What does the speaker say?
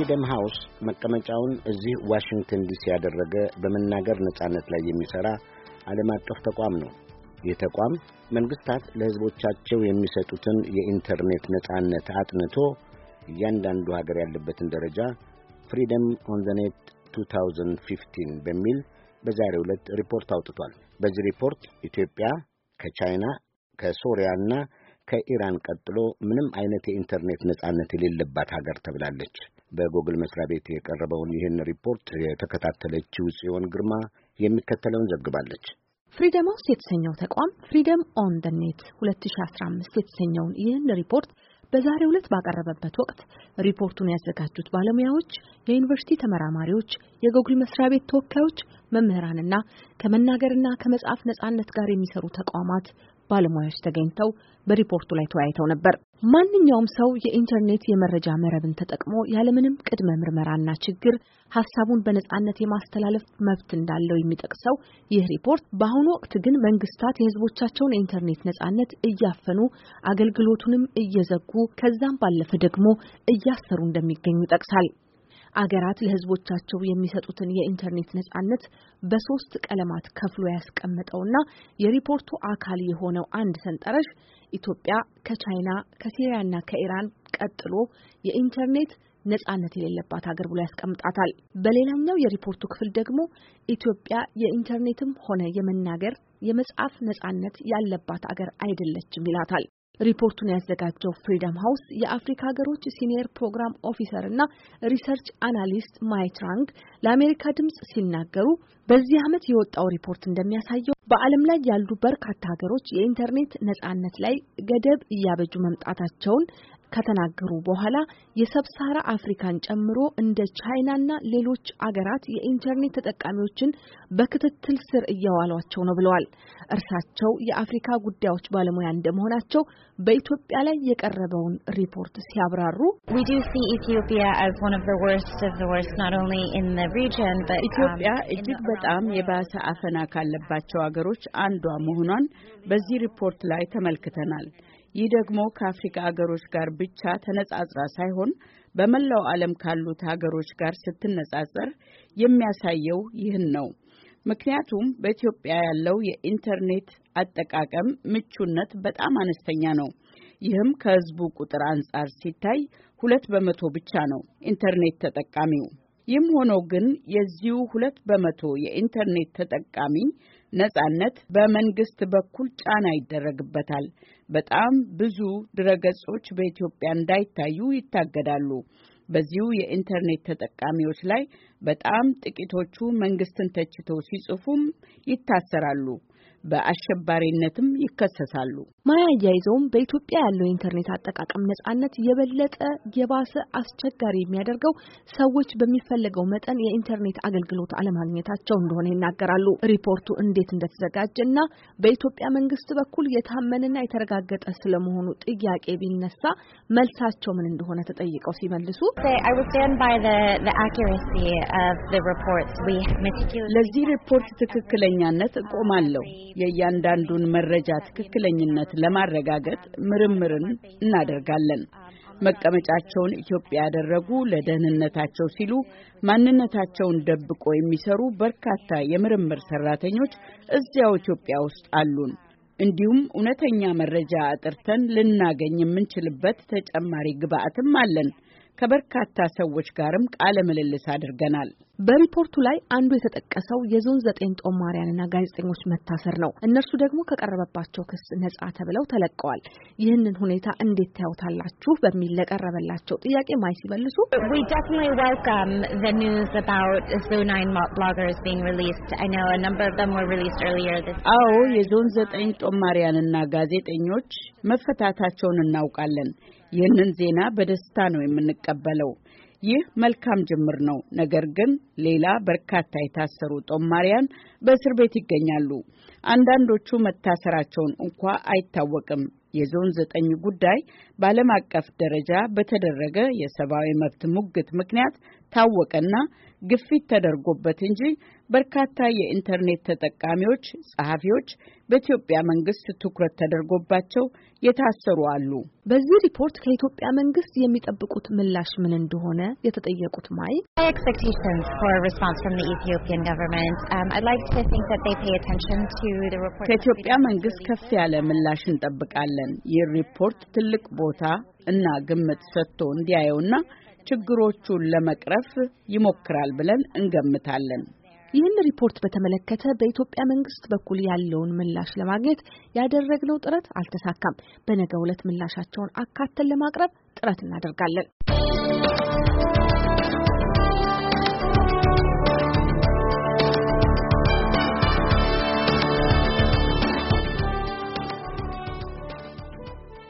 ፍሪደም ሃውስ መቀመጫውን እዚህ ዋሽንግተን ዲሲ ያደረገ በመናገር ነጻነት ላይ የሚሠራ ዓለም አቀፍ ተቋም ነው። ይህ ተቋም መንግሥታት ለሕዝቦቻቸው የሚሰጡትን የኢንተርኔት ነጻነት አጥንቶ እያንዳንዱ ሀገር ያለበትን ደረጃ ፍሪደም ኦን ዘ ኔት 2015 በሚል በዛሬው ዕለት ሪፖርት አውጥቷል። በዚህ ሪፖርት ኢትዮጵያ ከቻይና ከሶሪያና ከኢራን ቀጥሎ ምንም አይነት የኢንተርኔት ነጻነት የሌለባት ሀገር ተብላለች። በጎግል መስሪያ ቤት የቀረበውን ይህን ሪፖርት የተከታተለችው ጽዮን ግርማ የሚከተለውን ዘግባለች። ፍሪደም ሃውስ የተሰኘው ተቋም ፍሪደም ኦን ደ ኔት 2015 የተሰኘውን ይህን ሪፖርት በዛሬው ዕለት ባቀረበበት ወቅት ሪፖርቱን ያዘጋጁት ባለሙያዎች፣ የዩኒቨርሲቲ ተመራማሪዎች፣ የጎግል መስሪያ ቤት ተወካዮች፣ መምህራንና ከመናገርና ከመጻፍ ነጻነት ጋር የሚሰሩ ተቋማት ባለሙያዎች ተገኝተው በሪፖርቱ ላይ ተወያይተው ነበር። ማንኛውም ሰው የኢንተርኔት የመረጃ መረብን ተጠቅሞ ያለምንም ቅድመ ምርመራና ችግር ሀሳቡን በነጻነት የማስተላለፍ መብት እንዳለው የሚጠቅሰው ይህ ሪፖርት በአሁኑ ወቅት ግን መንግስታት የህዝቦቻቸውን የኢንተርኔት ነጻነት እያፈኑ አገልግሎቱንም እየዘጉ ከዛም ባለፈ ደግሞ እያሰሩ እንደሚገኙ ይጠቅሳል። አገራት ለህዝቦቻቸው የሚሰጡትን የኢንተርኔት ነጻነት በሶስት ቀለማት ከፍሎ ያስቀመጠውና የሪፖርቱ አካል የሆነው አንድ ሰንጠረዥ ኢትዮጵያ ከቻይና ከሲሪያና ከኢራን ቀጥሎ የኢንተርኔት ነጻነት የሌለባት ሀገር ብሎ ያስቀምጣታል። በሌላኛው የሪፖርቱ ክፍል ደግሞ ኢትዮጵያ የኢንተርኔትም ሆነ የመናገር የመጻፍ ነጻነት ያለባት አገር አይደለችም ይላታል። ሪፖርቱን ያዘጋጀው ፍሪደም ሀውስ የአፍሪካ ሀገሮች ሲኒየር ፕሮግራም ኦፊሰር እና ሪሰርች አናሊስት ማይትራንግ ለአሜሪካ ድምጽ ሲናገሩ በዚህ ዓመት የወጣው ሪፖርት እንደሚያሳየው በዓለም ላይ ያሉ በርካታ ሀገሮች የኢንተርኔት ነጻነት ላይ ገደብ እያበጁ መምጣታቸውን ከተናገሩ በኋላ የሰብሳራ አፍሪካን ጨምሮ እንደ ቻይናና ሌሎች አገራት የኢንተርኔት ተጠቃሚዎችን በክትትል ስር እያዋሏቸው ነው ብለዋል። እርሳቸው የአፍሪካ ጉዳዮች ባለሙያ እንደመሆናቸው በኢትዮጵያ ላይ የቀረበውን ሪፖርት ሲያብራሩ um, ኢትዮጵያ እጅግ በጣም የባሰ አፈና ካለባቸው አገሮች አንዷ መሆኗን በዚህ ሪፖርት ላይ ተመልክተናል። ይህ ደግሞ ከአፍሪካ አገሮች ጋር ብቻ ተነጻጽራ ሳይሆን በመላው ዓለም ካሉት ሀገሮች ጋር ስትነጻጸር የሚያሳየው ይህን ነው። ምክንያቱም በኢትዮጵያ ያለው የኢንተርኔት አጠቃቀም ምቹነት በጣም አነስተኛ ነው። ይህም ከህዝቡ ቁጥር አንጻር ሲታይ ሁለት በመቶ ብቻ ነው ኢንተርኔት ተጠቃሚው። ይህም ሆኖ ግን የዚሁ ሁለት በመቶ የኢንተርኔት ተጠቃሚ ነጻነት በመንግስት በኩል ጫና ይደረግበታል። በጣም ብዙ ድረገጾች በኢትዮጵያ እንዳይታዩ ይታገዳሉ። በዚሁ የኢንተርኔት ተጠቃሚዎች ላይ በጣም ጥቂቶቹ መንግስትን ተችተው ሲጽፉም ይታሰራሉ፣ በአሸባሪነትም ይከሰሳሉ። ማያ አያይዘውም በኢትዮጵያ ያለው የኢንተርኔት አጠቃቀም ነጻነት የበለጠ የባሰ አስቸጋሪ የሚያደርገው ሰዎች በሚፈለገው መጠን የኢንተርኔት አገልግሎት አለማግኘታቸው እንደሆነ ይናገራሉ። ሪፖርቱ እንዴት እንደተዘጋጀ እና በኢትዮጵያ መንግስት በኩል የታመነና የተረጋገጠ ስለመሆኑ ጥያቄ ቢነሳ መልሳቸው ምን እንደሆነ ተጠይቀው ሲመልሱ ለዚህ ሪፖርት ትክክለኛነት እቆማለሁ። የእያንዳንዱን መረጃ ትክክለኝነት ለማረጋገጥ ምርምርን እናደርጋለን። መቀመጫቸውን ኢትዮጵያ ያደረጉ ለደህንነታቸው ሲሉ ማንነታቸውን ደብቆ የሚሰሩ በርካታ የምርምር ሰራተኞች እዚያው ኢትዮጵያ ውስጥ አሉን። እንዲሁም እውነተኛ መረጃ አጥርተን ልናገኝ የምንችልበት ተጨማሪ ግብአትም አለን። ከበርካታ ሰዎች ጋርም ቃለ ምልልስ አድርገናል። በሪፖርቱ ላይ አንዱ የተጠቀሰው የዞን ዘጠኝ ጦማሪያንና ጋዜጠኞች መታሰር ነው። እነርሱ ደግሞ ከቀረበባቸው ክስ ነጻ ተብለው ተለቀዋል። ይህንን ሁኔታ እንዴት ታዩታላችሁ? በሚል ለቀረበላቸው ጥያቄ ማይ ሲመልሱ አዎ የዞን ዘጠኝ ጦማሪያንና ጋዜጠኞች መፈታታቸውን እናውቃለን። ይህንን ዜና በደስታ ነው የምንቀበለው። ይህ መልካም ጅምር ነው። ነገር ግን ሌላ በርካታ የታሰሩ ጦማሪያን በእስር ቤት ይገኛሉ። አንዳንዶቹ መታሰራቸውን እንኳ አይታወቅም። የዞን ዘጠኝ ጉዳይ በዓለም አቀፍ ደረጃ በተደረገ የሰብአዊ መብት ሙግት ምክንያት ታወቀና ግፊት ተደርጎበት እንጂ በርካታ የኢንተርኔት ተጠቃሚዎች፣ ጸሐፊዎች በኢትዮጵያ መንግስት ትኩረት ተደርጎባቸው የታሰሩ አሉ። በዚህ ሪፖርት ከኢትዮጵያ መንግስት የሚጠብቁት ምላሽ ምን እንደሆነ የተጠየቁት ማይ um, ከኢትዮጵያ መንግስት ከፍ ያለ ምላሽ እንጠብቃለን። ይህ ሪፖርት ትልቅ ቦታ እና ግምት ሰጥቶ እንዲያየውና ችግሮቹን ለመቅረፍ ይሞክራል ብለን እንገምታለን። ይህን ሪፖርት በተመለከተ በኢትዮጵያ መንግስት በኩል ያለውን ምላሽ ለማግኘት ያደረግነው ጥረት አልተሳካም። በነገው ዕለት ምላሻቸውን አካተን ለማቅረብ ጥረት እናደርጋለን።